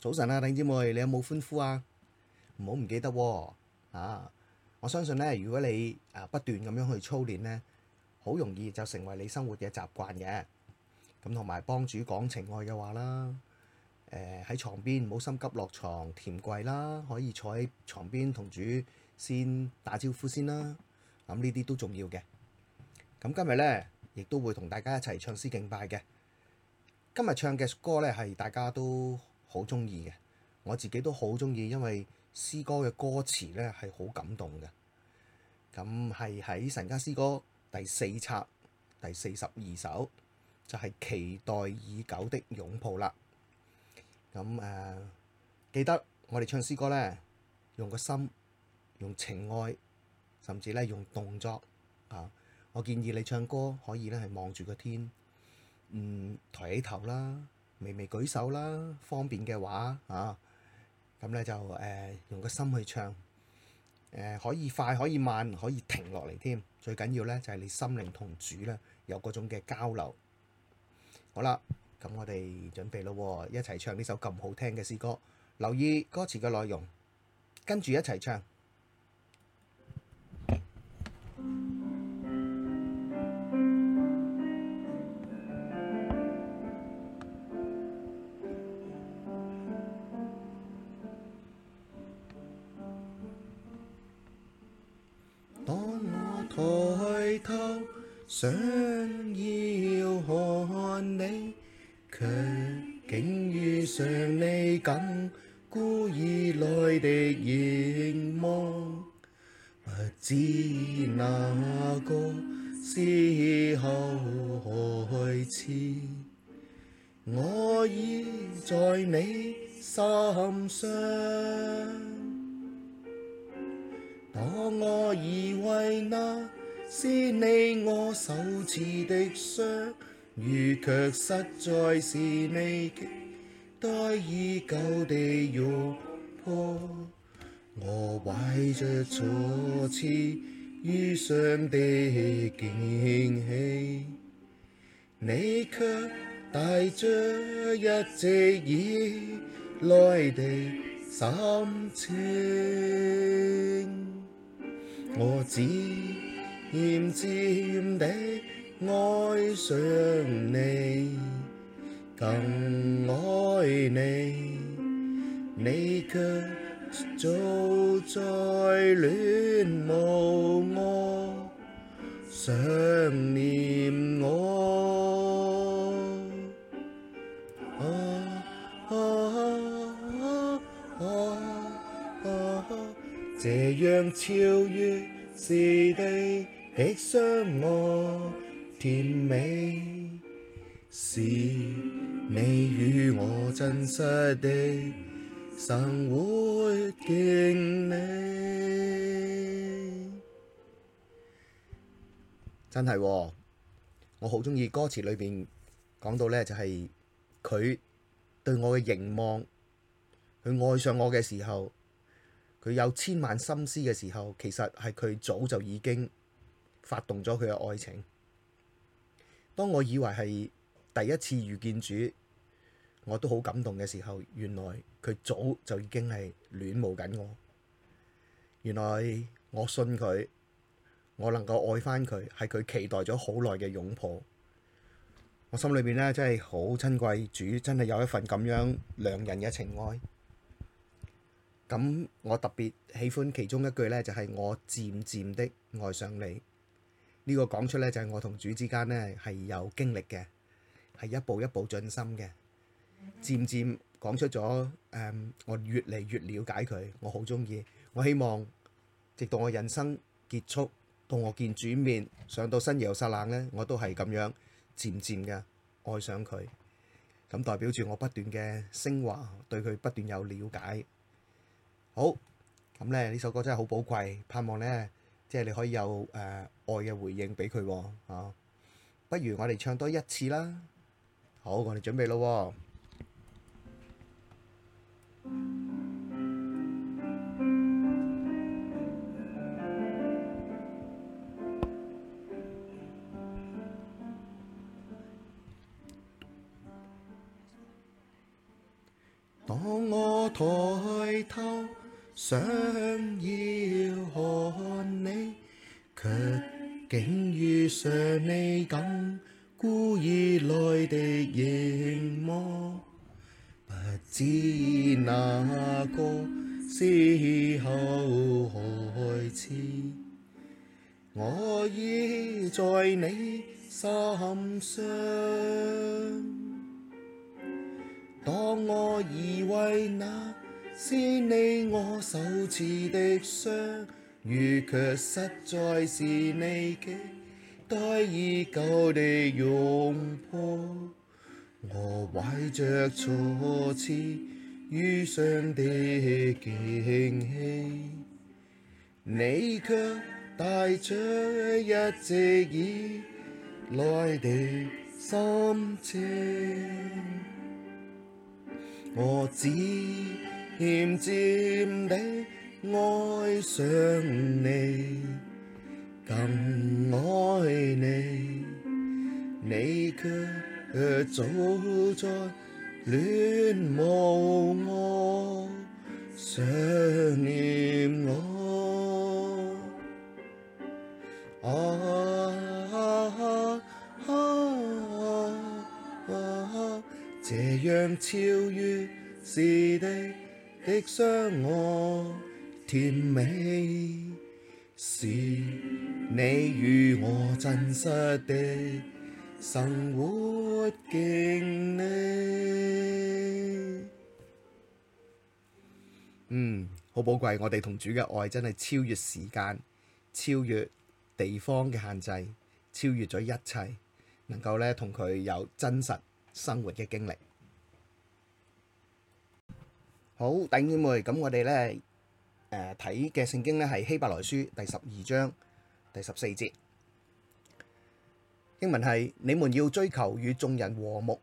早晨啊，丁姐妹，你有冇歡呼啊？唔好唔記得喎啊！我相信咧，如果你啊不斷咁樣去操練咧，好容易就成為你生活嘅習慣嘅。咁同埋幫主講情愛嘅話啦，誒喺牀邊唔好心急落床，甜櫃啦，可以坐喺床邊同主先打招呼先啦。咁呢啲都重要嘅。咁今日咧亦都會同大家一齊唱詩敬拜嘅。今日唱嘅歌咧係大家都好中意嘅，我自己都好中意，因為詩歌嘅歌詞呢係好感動嘅。咁係喺神家詩歌第四冊第四十二首，就係、是、期待已久的擁抱啦。咁誒、呃，記得我哋唱詩歌呢，用個心，用情愛，甚至咧用動作啊。我建議你唱歌可以咧係望住個天，嗯，抬起頭啦。微微舉手啦，方便嘅話啊，咁咧就誒、呃、用個心去唱，誒、呃、可以快，可以慢，可以停落嚟添，最緊要咧就係你心靈同主咧有嗰種嘅交流。好啦，咁我哋準備咯，一齊唱呢首咁好聽嘅詩歌。留意歌詞嘅內容，跟住一齊唱。想要看你，卻竟遇上你亙古以來的凝望，不知那個時候開始，我已在你心上，當我以為那是你我首次的相遇，卻實在是你期待已久的擁抱。我懷着初次遇上的驚喜，你卻帶着一直以來的深情。我只。漸漸地愛上你，更愛你，你卻早在戀慕我，想念我，啊啊啊啊啊！這樣超越時地，相愛甜美，是你與我真實的生活經歷 ，真係、哦、我好鍾意歌詞裏面講到呢，就係佢對我嘅凝望，佢愛上我嘅時候，佢有千萬心思嘅時候，其實係佢早就已經。發動咗佢嘅愛情。當我以為係第一次遇見主，我都好感動嘅時候，原來佢早就已經係戀慕緊我。原來我信佢，我能夠愛翻佢，係佢期待咗好耐嘅擁抱。我心裏面呢，真係好珍貴，主真係有一份咁樣兩人嘅情愛。咁我特別喜歡其中一句呢，就係、是、我漸漸的愛上你。呢個講出呢，就係、是、我同主之間呢，係有經歷嘅，係一步一步進深嘅，漸漸講出咗誒、呃，我越嚟越了解佢，我好鍾意，我希望直到我人生結束，同我見主面上到新耶路撒冷呢，我都係咁樣漸漸嘅愛上佢，咁代表住我不斷嘅升華，對佢不斷有了解。好，咁呢，呢首歌真係好寶貴，盼望呢。即係你可以有誒愛嘅回應俾佢喎，啊！不如我哋唱多一次啦。好，我哋準備咯。當我抬頭想要。常你敢故意來敵凝望，不知哪個時候開始，我已在你心上。當我以為那是你我首次的相遇，如卻實在是你嘅。待已久的擁抱，我懷着初次遇上的驚喜，你卻帶著一直以來的深情，我只漸漸的愛上你，更愛你，你卻早在戀慕我、想念我啊啊啊啊。啊，這樣超越時地的相愛，甜美是。你與我真實的生活經歷，嗯，好寶貴。我哋同主嘅愛真係超越時間、超越地方嘅限制，超越咗一切，能夠咧同佢有真實生活嘅經歷。好，弟兄姊妹，咁我哋咧誒睇嘅聖經咧係希伯來書第十二章。第十四節，經文係：你們要追求與眾人和睦，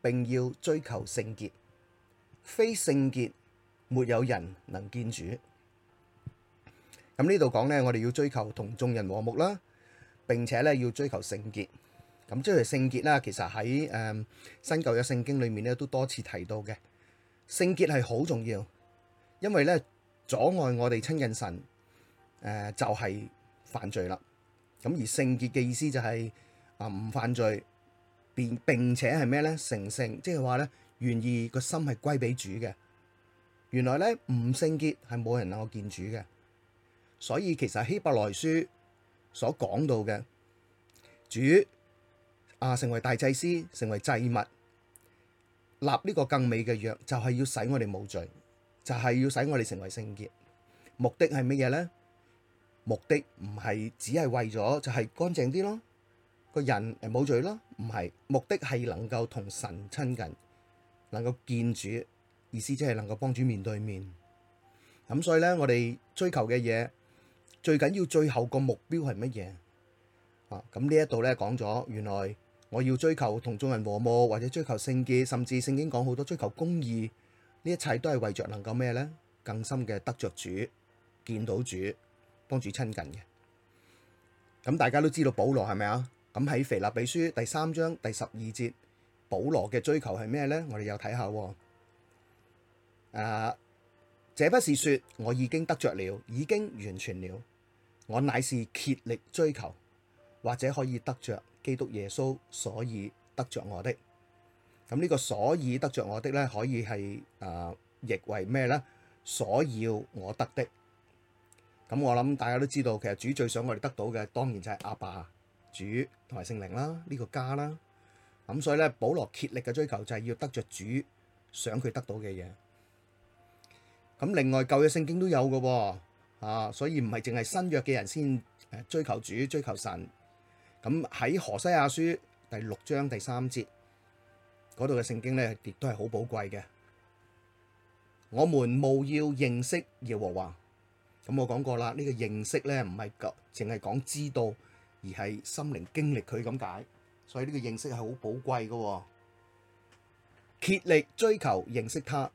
並要追求聖潔。非聖潔，沒有人能見主。咁呢度講呢，我哋要追求同眾人和睦啦，並且呢要追求聖潔。咁即係聖潔啦。其實喺誒新舊約聖經裏面呢都多次提到嘅聖潔係好重要，因為呢，阻礙我哋親近神。誒，就係、是。犯罪啦，咁而聖潔嘅意思就係、是、啊唔犯罪，並並且係咩咧？成聖，即係話咧，願意個心係歸俾主嘅。原來咧唔聖潔係冇人能夠見主嘅，所以其實希伯來書所講到嘅主啊成為大祭司，成為祭物，立呢個更美嘅約，就係、是、要使我哋冇罪，就係、是、要使我哋成為聖潔。目的係乜嘢咧？目的唔係只係為咗就係、是、乾淨啲咯，個人誒冇罪咯，唔係目的係能夠同神親近，能夠見主，意思即係能夠幫主面對面。咁所以呢，我哋追求嘅嘢最緊要最後個目標係乜嘢啊？咁呢一度呢，講咗，原來我要追求同眾人和睦，或者追求聖潔，甚至聖經講好多追求公義，呢一切都係為着能夠咩呢？更深嘅得着主，見到主。幫住親近嘅，咁大家都知道保羅係咪啊？咁喺腓立比書第三章第十二節，保羅嘅追求係咩呢？我哋又睇下喎。誒、啊，這不是說我已經得着了，已經完全了，我乃是竭力追求，或者可以得着基督耶穌，所以得着我的。咁呢個所以得着我的呢，可以係誒，譯、啊、為咩呢？「所要我得的。咁我諗大家都知道，其實主最想我哋得到嘅，當然就係阿爸、主同埋聖靈啦，呢、這個家啦。咁所以咧，保羅竭力嘅追求就係要得着主想佢得到嘅嘢。咁另外舊嘅聖經都有嘅，啊，所以唔係淨係新約嘅人先誒追求主、追求神。咁喺何西亞書第六章第三節嗰度嘅聖經咧，亦都係好寶貴嘅。我們務要認識耶和華。咁我講過啦，呢個認識咧唔係淨係講知道，而係心靈經歷佢咁解，所以呢個認識係好寶貴噶。竭力追求認識他，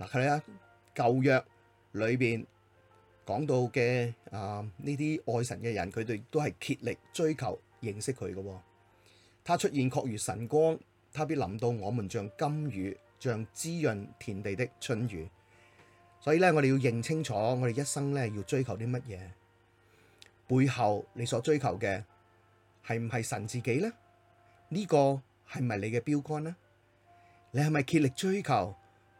嗱佢喺舊約裏邊講到嘅啊呢啲愛神嘅人，佢哋都係竭力追求認識佢噶。他出現確如晨光，他必臨到我們，像甘雨，像滋潤田地的春雨。所以咧，我哋要認清楚，我哋一生咧要追求啲乜嘢？背後你所追求嘅係唔係神自己咧？呢個係咪你嘅標杆咧？你係咪竭力追求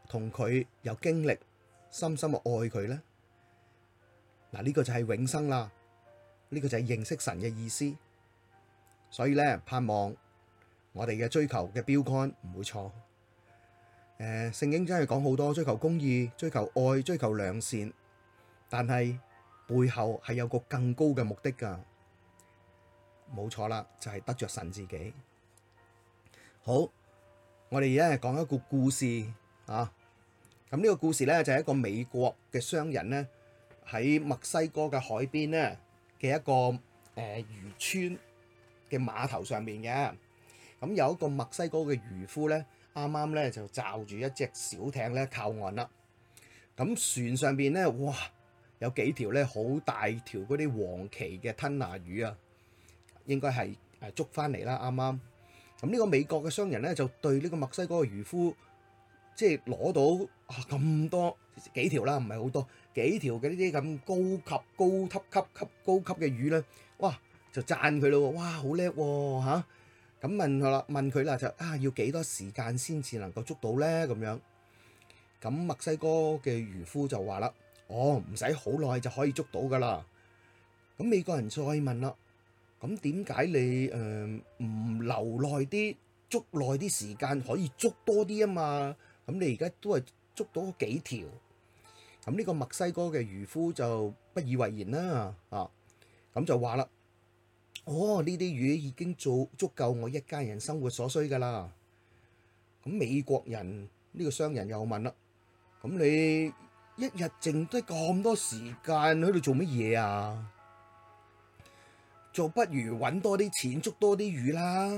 同佢有經歷，深深去愛佢咧？嗱，呢個就係永生啦，呢個就係認識神嘅意思。所以咧，盼望我哋嘅追求嘅標杆唔會錯。誒聖經真係講好多追求公義、追求愛、追求良善，但係背後係有個更高嘅目的㗎，冇錯啦，就係得著神自己。好，我哋而家係講一個故事啊。咁呢個故事咧就係一個美國嘅商人咧喺墨西哥嘅海邊咧嘅一個誒漁村嘅碼頭上面嘅，咁有一個墨西哥嘅漁夫咧。啱啱咧就罩住一隻小艇咧靠岸啦，咁船上邊咧，哇有幾條咧好大條嗰啲黃鰭嘅吞拿魚啊，應該係誒捉翻嚟啦，啱啱，咁呢個美國嘅商人咧就對呢個墨西哥嘅漁夫，即係攞到啊咁多幾條啦，唔係好多幾條嘅呢啲咁高級高級，高級級級高級嘅魚咧，哇就讚佢咯，哇好叻吓！咁問佢啦，問佢啦就啊，要幾多時間先至能夠捉到咧？咁樣，咁墨西哥嘅漁夫就話啦：哦，唔使好耐就可以捉到噶啦。咁美國人再問啦，咁、啊呃、點解你誒唔留耐啲，捉耐啲時間可以捉多啲啊嘛？咁你而家都係捉到幾條？咁呢個墨西哥嘅漁夫就不以為然啦，啊，咁就話啦。哦，呢啲魚已經做足夠我一家人生活所需㗎喇。咁美國人呢個商人又問啦：「咁你一日剩低咁多時間喺度做乜嘢啊？做不如揾多啲錢，捉多啲魚啦。」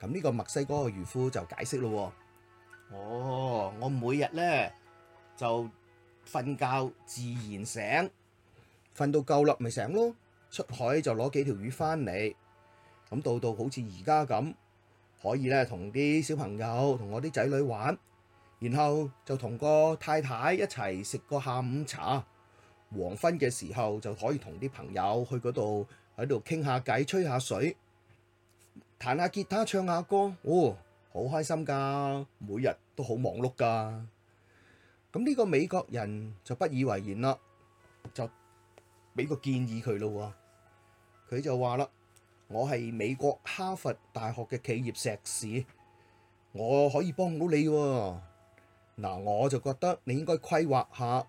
咁呢個墨西哥嘅漁夫就解釋咯：「哦，我每日咧就瞓覺自然醒，瞓到夠啦，咪醒咯。」出海就攞幾條魚翻嚟，咁到到好似而家咁，可以咧同啲小朋友、同我啲仔女玩，然後就同個太太一齊食個下午茶。黃昏嘅時候就可以同啲朋友去嗰度喺度傾下偈、吹下水、彈下吉他、唱下歌，哦，好開心㗎！每日都好忙碌㗎。咁呢個美國人就不以為然啦，就俾個建議佢咯。佢就話啦，我係美國哈佛大學嘅企業碩士，我可以幫到你喎。嗱，我就覺得你應該規劃下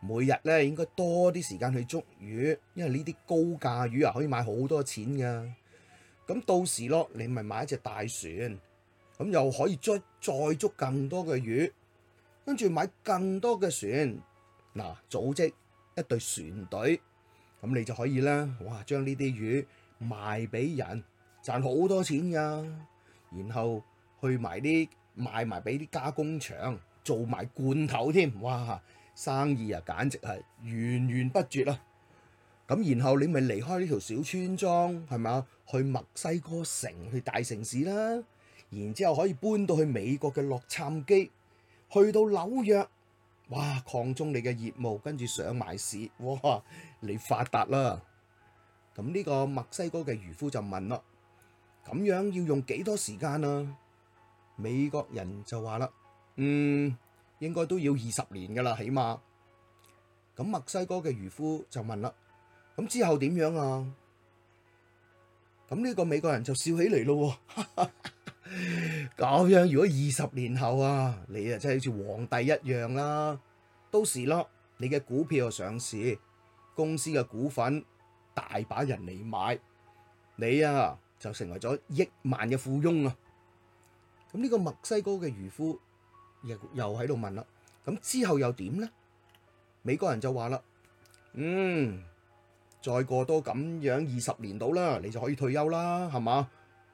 每日咧應該多啲時間去捉魚，因為呢啲高價魚啊可以買好多錢噶。咁到時咯，你咪買一隻大船，咁又可以再再捉更多嘅魚，跟住買更多嘅船，嗱，組織一隊船隊。咁你就可以啦。哇！將呢啲魚賣俾人，賺好多錢㗎。然後去埋啲賣埋俾啲加工廠，做埋罐頭添，哇！生意啊，簡直係源源不絕啦，啊。咁然後你咪離開呢條小村莊，係咪啊？去墨西哥城，去大城市啦。然之後可以搬到去美國嘅洛杉磯，去到紐約。哇！擴充你嘅業務，跟住上埋市，哇！你發達啦！咁呢個墨西哥嘅漁夫就問啦：咁樣要用幾多時間啊？美國人就話啦：嗯，應該都要二十年㗎喇，起碼。咁墨西哥嘅漁夫就問啦：咁之後點樣啊？咁呢個美國人就笑起嚟咯，哈哈！咁樣如果二十年後啊，你啊真係好似皇帝一樣啦，啊，到時咯，你嘅股票上市，公司嘅股份大把人嚟買，你啊就成為咗億萬嘅富翁啊！咁呢個墨西哥嘅漁夫又又喺度問啦，啊，咁之後又點呢？美國人就話啦，嗯，再過多咁樣二十年到啦，你就可以退休啦，係嘛？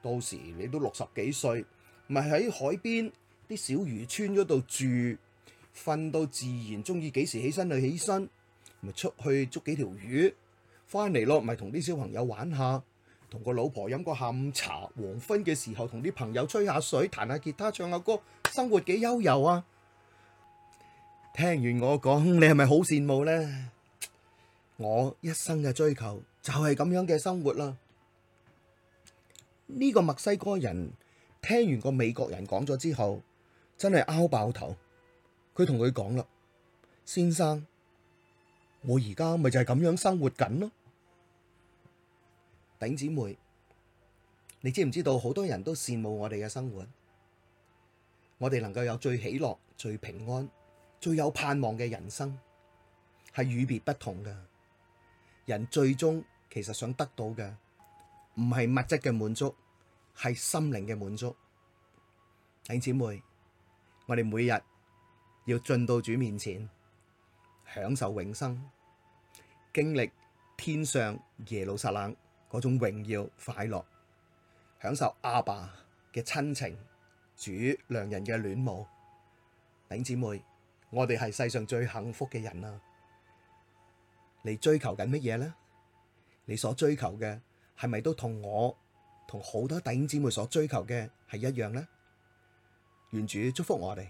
到時你都六十幾歲，咪喺海邊啲小漁村嗰度住，瞓到自然，中意幾時起身就起身，咪出去捉幾條魚返嚟咯，咪同啲小朋友玩下，同個老婆飲個下午茶，黃昏嘅時候同啲朋友吹下水、彈下吉他、唱下歌，生活幾悠遊啊！聽完我講，你係咪好羨慕呢？我一生嘅追求就係咁樣嘅生活啦～呢個墨西哥人聽完個美國人講咗之後，真係拗爆頭。佢同佢講啦：「先生，我而家咪就係咁樣生活緊咯。」頂姊妹，你知唔知道好多人都羨慕我哋嘅生活？我哋能夠有最喜樂、最平安、最有盼望嘅人生，係與別不同嘅。人最終其實想得到嘅。唔係物質嘅滿足，係心靈嘅滿足。頂姐妹，我哋每日要進到主面前，享受永生，經歷天上耶路撒冷嗰種榮耀快樂，享受阿爸嘅親情，主良人嘅戀慕。頂姐妹，我哋係世上最幸福嘅人啦！你追求緊乜嘢咧？你所追求嘅，係咪都同我同好多弟兄姊妹所追求嘅係一樣呢？願主祝福我哋。